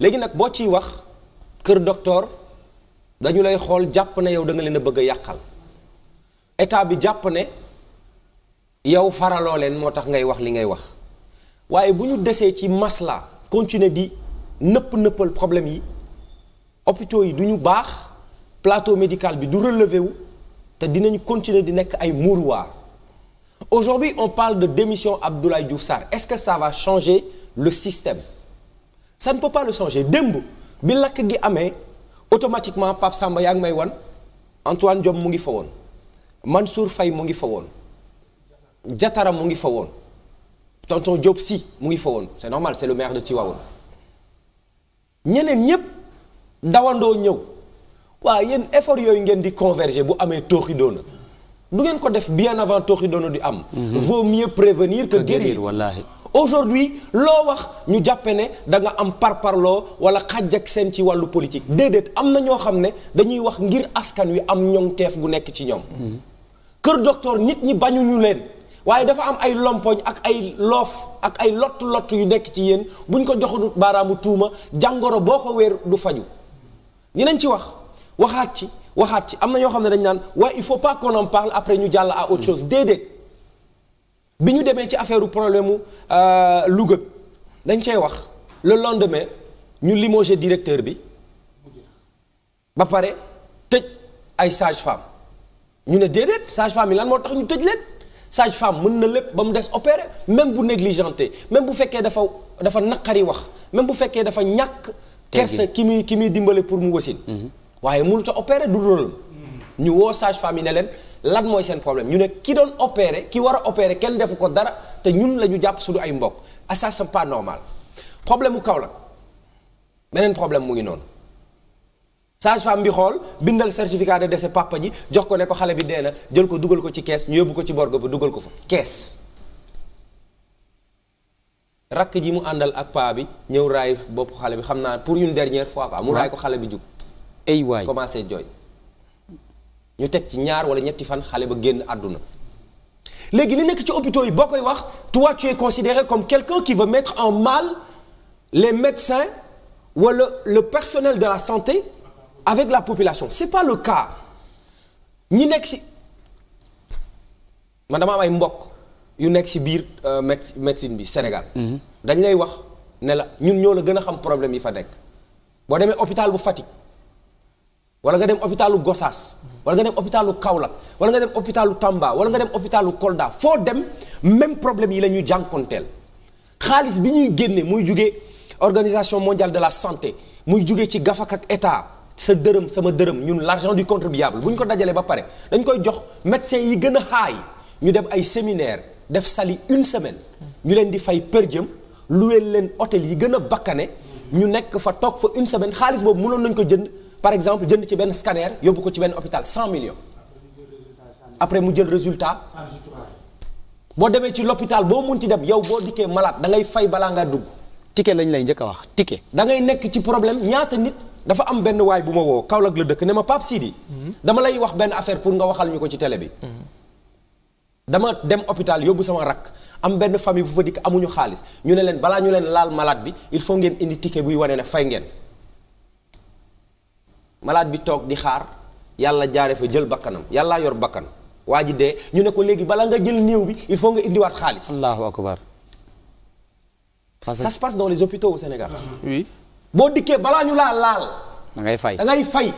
léegi nag boo ciy wax kër docteur dañu lay xool jàpp ne yow da nga leen a bëgg yàqal état bi jàpp ne yow faraloo leen moo tax ngay wax li ngay wax waaye bu ñu desee ci masla continuer di nëpp nëppal problème yi hôpitaux yi du ñu baax plateau médical bi du relevé wu te dinañu continuer di nekk ay mouroir aujourd'hui on parle de démission Abdoulaye Diouf Sarr est-ce que ça changer le système ça ne peut démb bi lakk gi amee automatiquement Pape Samba yaa ngi may wan Antoine Diome mu ngi fa woon Mansour fay mu ngi fa woon Diatara mu ngi fa woon tonton Diop si mu ngi fa woon c'est normal c'est le maire de Tivaouane ñeneen ñépp dawandoo ñëw waa yéen effort yooyu ngeen di converger bu amee tooxi doona du ngeen ko def bien avant tooxi doona di am mhm. vaut mieux prévenir que guérir wallaahi aujourd'hui loo wax ñu jàppe ne danga am par parparloo wala xàjj ak seen ci wàllu politique déedéet am na ñoo xam ne dañuy wax ngir askan wi am ñoŋteef gu nekk ci ñoom. Mm-hmm. kër docteur nit ñi bañuñu leen. waaye dafa am ay lompoñ ak ay loof ak ay lott lott yu nekk ci yéen buñ ko joxanut baaraamu tuuma jàngoro boo ko wéer du faju dinañ ci wax waxaat ci waxaat ci am na ñoo xam ne dañ naan waaye il faut pas qu'on parle après ñu jàll a autre mm-hmm. chose déedéet. bi ñu demee ci affaire problème mu euh, Louga dañ cey wax le lendemain ñu limogé directeur bi ba pare tëj ay sage-femme ñu ne déedéet sage-femme yi lan moo tax ñu tëj leen sage-femme mën na lépp ba mu des opérer même bu négligenté même bu fekkee dafa dafa naqari wax même bu fekkee dafa ñàkk kersa ki muy ki muy dimbale pour mu wasin mhm. waaye mënut a opérer du rôlam mhm. ñu woo sage-femme yi ne leen lan mooy seen problème ñu ne ki doon opéré ki war a opéré kenn defu ko dara te ñun la ñu jàpp suñu ay mbokk ah ça c'est pas normal problème mu Kaolack beneen problème mu ngi noonu sage-femme bi xool bindal certificat de décès papa ji jox ko ne ko xale bi dee na jël ko dugal ko ci kees ñu yóbbu ko ci borgo ba dugal ko fa kees. rakk ji mu àndal ak paa bi ñëw raay bopp xale bi xam naa pour une dernière fois quoi. mu raay ko xale bi jug. ay waay commencé jooy. ñu teg ci ñaar wala ñetti fan xale ba génn àdduna léegi li nekk ci hôpitaux yi boo koy wax toi tu es considéré comme quelqu'un qui veut mettre en mal les médecins wala le personnel de la santé avec la population c'est pas le cas ñi nekk si man dama am ay mbokk yu nekk si biir euh, médecine bi Sénégal mhm. dañ lay wax ne la ñun ñoo la gën a xam problème yi fa nekk boo demee hôpital bu Fatick wala nga dem hôpitalu Gossas wala nga dem hôpitalu Kaolack wala nga dem hôpitalu Tamba wala nga dem hôpitalu Kolda foo dem même problème yi la ñuy jànkonteel xaalis bi ñuy génnee muy jugee organisation mondiale de la santé muy jugee ci gafak ak état sa dërëm sama dërëm ñun l'argent du contribuable bu ñu ko dajalee ba pare dañ koy jox médecin yi gën a xaay ñu dem ay séminaire def sali une semaine ñu leen di fay per diem luweel leen hôtel yi gën a bakkane ñu nekk fa toog fa une semaine xaalis boobu mënoon nañ ko jënd par exemple jënd ci benn scanner yóbbu ko ci benn hôpital 100 millions. après mu jël résultat. boo demee ci l'hôpital boo mun ci dem yow boo dikkee malaat da ngay fay balaa ngaa dugg. ticket lañ lay njëkk a wax ticket. da ngay nekk ci problème ñaata nit. dafa am benn waay bu ma woo Kaolack la dëkk ne ma Pape Sidi. Mhm. dama lay wax benn affaire pour nga ñu ko ci télé bi. Mhm. dama dem hôpital yóbbu sama rakk am benn famille bu fa dikk amuñu xaalis ñu ne leen balaa ñu leen laal malade bi il faut ngeen indi ticket buy wane ne fay ngeen. malaat bi toog di xaar yàlla jaare fa jël bakkanam yàllaa yor bakkan waa ji de ñu ne ko léegi bala nga jël néew bi il faut nga indiwaat xaalis. allahu akbar. ça se passe dans les hôpitaux au Sénégal. oui. boo dikkee balaa ñu laa laal. da fay da fay.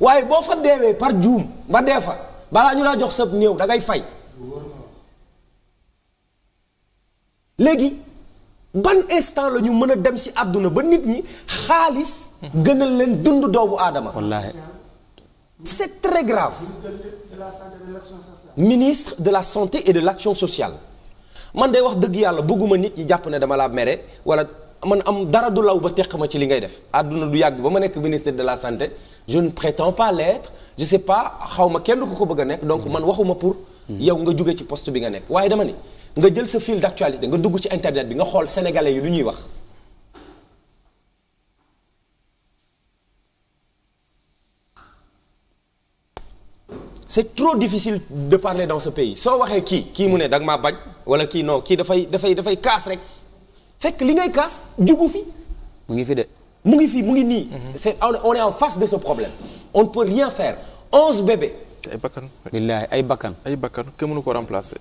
waaye boo fa deewee par juum ba dee fa balaa ñu laa jox sab néew dangay ngay fay. léegi. ban instant la ñu mën a dem si àdduna ba nit ñi xaalis gënal leen dund doomu aadama. wallaahi c'est très grave. ministre de la santé et de l'action sociale. man day wax dëgg yàlla bëgguma nit ñi jàpp ne dama laa mere wala man am dara du law ba teq ma ci li ngay def. àdduna du yàgg ba ma nekk ministre de la santé je ne prétends pas l'être je sais pas xaw kenn ku ko bëgg a nekk donc man waxuma pour. yow nga jóge ci poste bi nga nekk waaye dama ni. nga jël sa fil d'actualité nga dugg ci internet bi nga xool sénégalais yi lu ñuy wax. c'est trop difficile de parler dans ce pays soo waxee kii kii mu ne danga maa bañ wala kii non kii dafay dafay dafay kaas rek fekk li ngay kaas jugu fi. mu ngi fi de. mu ngi fi mu ngi nii. Mhm. c'est on est en face de ce problème on ne peut rien faire onze bébés. ay bakkan. billaahi ay bakkan. ay bakkan kenn mënu ko remplacer.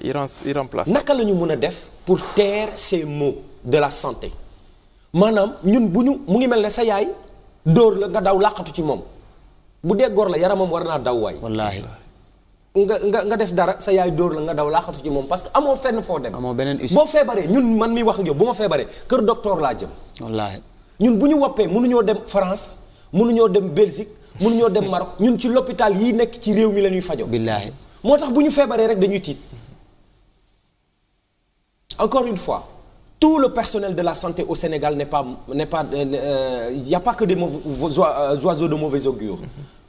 irremplaçable naka lañu ñu mën a def pour taire se maux de la santé maanaam ñun bu ñu mu ngi mel ne sa yaay dóor la nga daw làqatu ci moom bu dee góor la yaramam war naa daw waay. wallaahi. nga nga nga def dara sa yaay dóor la nga daw laaxatu ci moom parce que amoo fenn foo dem. amoo beneen issue boo feebaree ñun man mi wax ak yow bu ma feebaree kër docteur laa jëm. wallaahi ñun bu ñu woppee munuñoo dem France mënuñoo dem Belgique mënuñoo dem Maroc ñun ci l'hôpital yi nekk ci réew mi la ñuy fajoo. billaahi moo tax bu ñu feebaree rek dañuy tiit. encore une fois tout le personnel de la santé au Sénégal n'est pas n'est pas euh, euh, y a pas que des euh, oiseaux de mauvais augure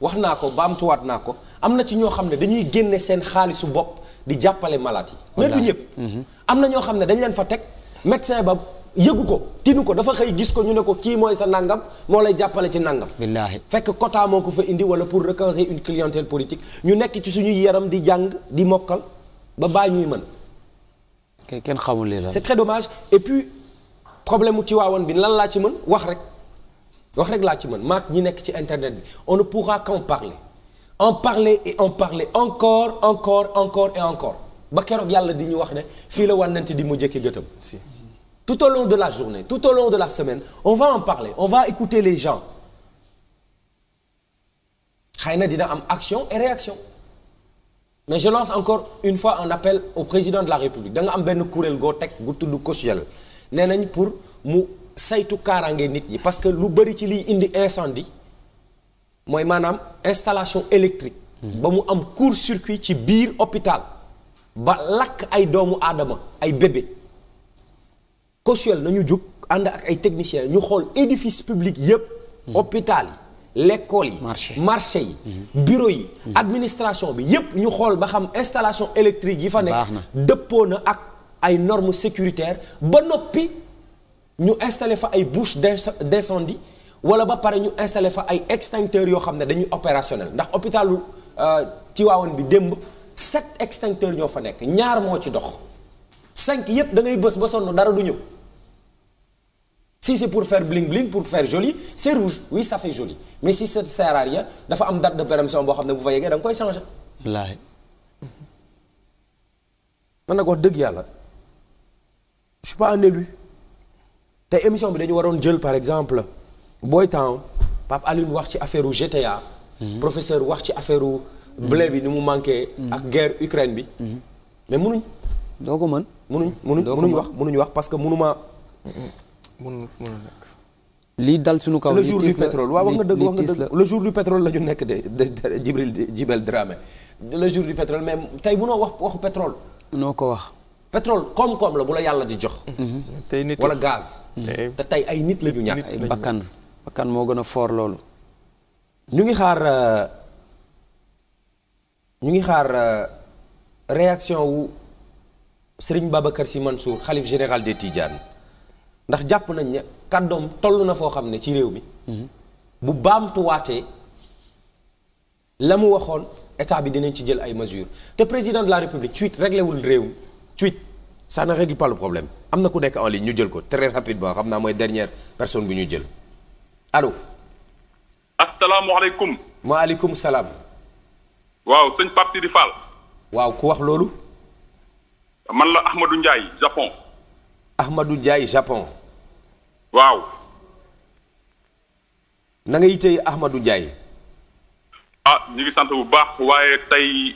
wax naa ko baamtuwaat naa ko am na ci ñoo xam ne dañuy génne seen xaalisu bopp di jàppale malade yi mais du ñëpp mhm. am na ñoo xam ne dañ leen fa teg médecin ba yëgu ko tinu ko dafa xëy gis ko ñu ne ko kii mooy sa nangam moo lay jàppale ci nangam billaahi fekk quota moo ko fa indi wala pour recaser une clientèle politique ñu nekk ci suñuy yaram di jàng di mokkal ba baa ñuy mën kenn xamul li la. c'est très dommage et puis problème mu Tiwaawoon bi lan laa ci mën wax rek wax rek laa ci mën maak ñi nekk ci internet bi on ne pourra qu'en parler en parler et en parler encore encore encore encore ba keroog yàlla di ñu wax ne fii la wànnante di mu jëkki gëtam si tout au long de la journée tout au long de la semaine on va en parler on va écouter les gens xëy na dina am action et réaction mais je lance encore une fois un appel au président de la république da nga am benn kuréel goo teg gu tudd COSUEL nee nañ pour mu saytu kaaraange nit ñi parce que lu bëri ci liy indi incendie mooy maanaam installation électrique. Hmm. ba mu am court-circuit ci biir hôpital. ba lakk ay doomu aadama ay bébé COSUEL nañu jug ànd ak ay techniciens ñu xool édifice public yépp hmm. hôpital yi. lekkool yi marché yi mhm. bureau yi mhm. administration bi yépp ñu xool ba xam installation électrique yi fa nekk dëppoo na ak ay normes sécuritaire ba noppi ñu installé fa ay bouches d'incendie wala ba pare ñu installé fa ay extincteurs yoo xam ne dañuy opérationnel ndax ci euh, Tivaouane bi démb sept extincteurs ñoo fa nekk ñaar moo ci dox cinq yépp dangay ngay bës ba sonn dara du ñëw si c'est pour faire bling bling pour faire joli c'est rouge oui ça fait joli mais si ça ne sert à dafa am date de péremption boo xam ne bu fa yeggee da nga koy changer. wallaahi. man nag wax dëgg yàlla je suis pas te émission bi dañu waroon jël par exemple Boy Town Pape Alioune wax ci affaire u GTA. Mhm. professeur wax ci affaire u blé bi ni mu manqué. Mhm. ak guerre Ukraine bi. Mhm. mais munuñ. doo ko mën munuñ munuñ munuñ wax munuñ wax parce que munuma. mënul lii dal suñu kaw le jour du pétrole waaw wax nga dëgg wax nga dëgg le jour du pétrole la ñu nekk de Djibril Djibel Dramé le jour du pétrole mais tey mënoo wax waxu pétrole. noo ko wax. pétrole koom-koom la bu la yàlla di jox. Mhm. tey nit wala gaz. Mm. te tey ay nit la ñu ñàkk. ay bakkan bakkan moo gën a foor loolu. ñu ngi xaar euh, ñu ngi xaar euh, réaction wu Serigne Babacar Sy Mansour xalif général des Tidianes. ndax jàpp nañ ne kàddoom toll na foo xam ne ci réew mi mhm. bu baam baamtuwaatee la mu waxoon état bi dinañ ci jël ay mesures te président de la république tweet réglé wul réew mi tweet ça ne problème am na ku nekk en ligne ñu jël ko très rapidement xam naa mooy dernière personne bu ñu jël allo. asalaamualeykum. maaleykum salaam. waaw sëñ Pape Sidi Fall. waaw ku wax loolu. man la Ahmadou Ndiaye Japon. Ahmadou Ndiaye Japon. waaw. na nga yittee Ahmadou Ndiaye. ah ñu ngi sant bu baax waaye tey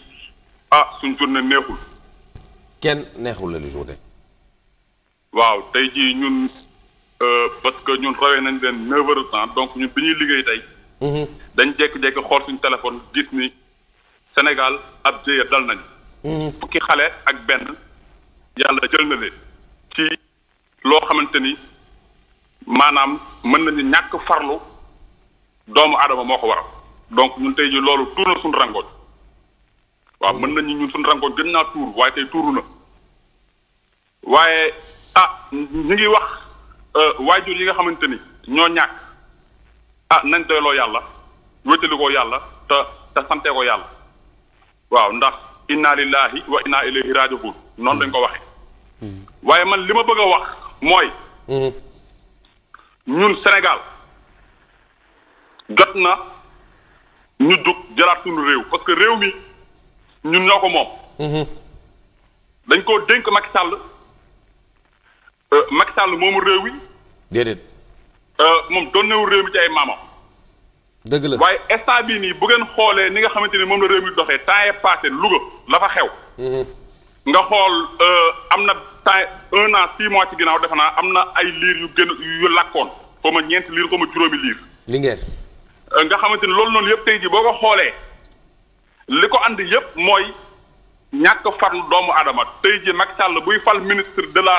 ah suñ na neexul. kenn neexul la de journée. waaw tey jii ñun euh, parce que ñun rawee nañ leen neuf heures temps donc ñun bi ñuy liggéey tey. Mhm. dañ jékki-jékki xool suñu téléphone gis ni Sénégal ab jéeya dal nañu. Mhm. fukki xale ak benn yàlla jël na leen. ci loo xamante ni. maanaam mën nañu ñàkk farlu doomu aadama moo ko waral donc ñun tey ji loolu tuur na suñu rangoon waaw mën nañu ñun suñu rangoon gën naa tuur waaye tey tuuru na waaye ah ñu ngi wax euh, waajur yi nga xamante ni ñoo ñàkk ah nañ doyloo yàlla wéttali ko yàlla te te sante ko yàlla waaw ndax inna lillahi wa inna ilayhi rajiun noonu dañ ko waxe hmm. waaye man li ma bëgg a wax mooy hmm. ñun Sénégal jot na ñu dug jëlaat suñu réew parce que réew mi ñun ñoo ko moom. Mhm. dañ koo dénk Macky Sall euh, Macky moomu réew mi. déedéet. Euh, moom doon na réew mi ci ay maamam. dëgg la waaye instant bii nii bu ngeen xoolee ni nga xamante ni moom la réew mi doxee temps yii passé Louga la fa xew. Mhm. nga xool euh, am na temps un an six mois ci ginnaaw defe naa am na ay liir yu gën yu lakkoon xaw ma ñeenti liir xaw ma juróomi liir. Linguère. Euh, nga xamante ni loolu noonu yëpp tey jii boo ko xoolee li ko andi yëpp mooy ñàkk farlu doomu aadama tey jii nag Sall buy fal ministre de la